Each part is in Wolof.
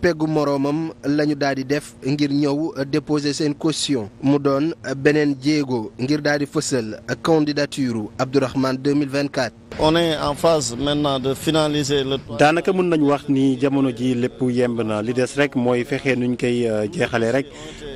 peggu moroomam la ñu daal di def ngir ñëw déposer seen caution mu doon beneen jéego ngir daal di fësal candidature Abdourahmane 2024. on est en phase maintenant de finaliser daanaka mën nañu wax ni jamono ji lépp yemb na li des rek mooy fexe nuñ koy euh, jeexalee rek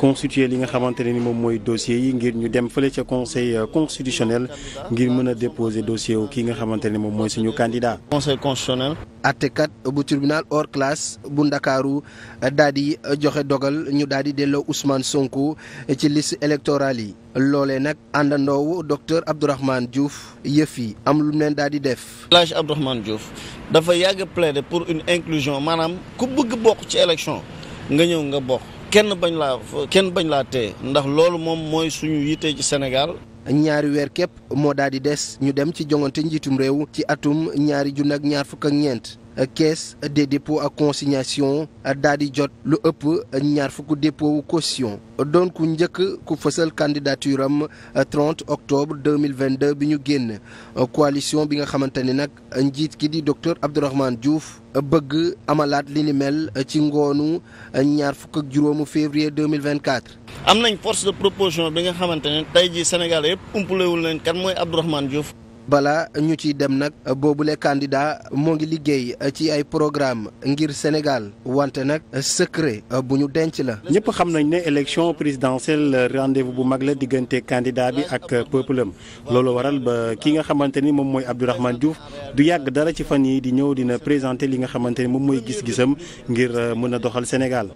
constituer li nga xamante ne ni moom mooy dossier yi ngir ñu dem fale ca conseil euh, constitutionnel ngir mën a déposer dossier ki nga xamante ne moom mooy suñu candidat. conseil constitutionnel. attekat bu tribunal or classe bu ndakaaru eh, daal di eh, joxe dogal ñu daal di delloo Ousmane Sonko eh, ci list électorale yi loole nag àndandoowu docteur Abdourahmane Diouf yëf yi am lu mu leen daal di def. El Hadj Abdourahmane Diouf dafa yàgg plaider pour une inclusion maanaam ku bëgg bokk ci élection nga ñëw nga bokk kenn bañ laa kenn bañ laa téye ndax loolu moom mooy suñu yitte ci Sénégal. ñaari weer képp moo daal di des ñu dem ci joŋante njiitum réew ci atum ñaari junni ak ñaar fukk ak ñeent caisse des dépôts ak consignation daal di jot lu ëpp ñaar fukk dépôt wu caution doon ku njëkk ku fësal candidature am 30 octobre 2022 bi ñu génn coalition bi nga xamante ni nag njiit ki di docteur Abdourahmane Diouf bëgg amalaat li ni mel ci ngoonu ñaar fukk ak juróomu février 2024. am nañ force de proposition bi nga xamante ne tey jii Sénégal yëpp umpulewul leen kan mooy Abdourahmane Diouf. bala ñu ciy dem nag boobu boobule candidat moo ngi liggéey eh, ci ay programme ngir Sénégal wante nag eh, secret eh, bu ñu denc la. ñëpp xam nañ ne élection présidentielle rendez-vous bu mag la diggante candidat bi ak peuple am loolu waral ba ki nga xamante ni moom mooy Abdourahmane Diouf du yàgg dara ci fan yi di ñëw dina présenter li nga xamante ni moom mooy gis-gisam ngir mën a doxal Sénégal.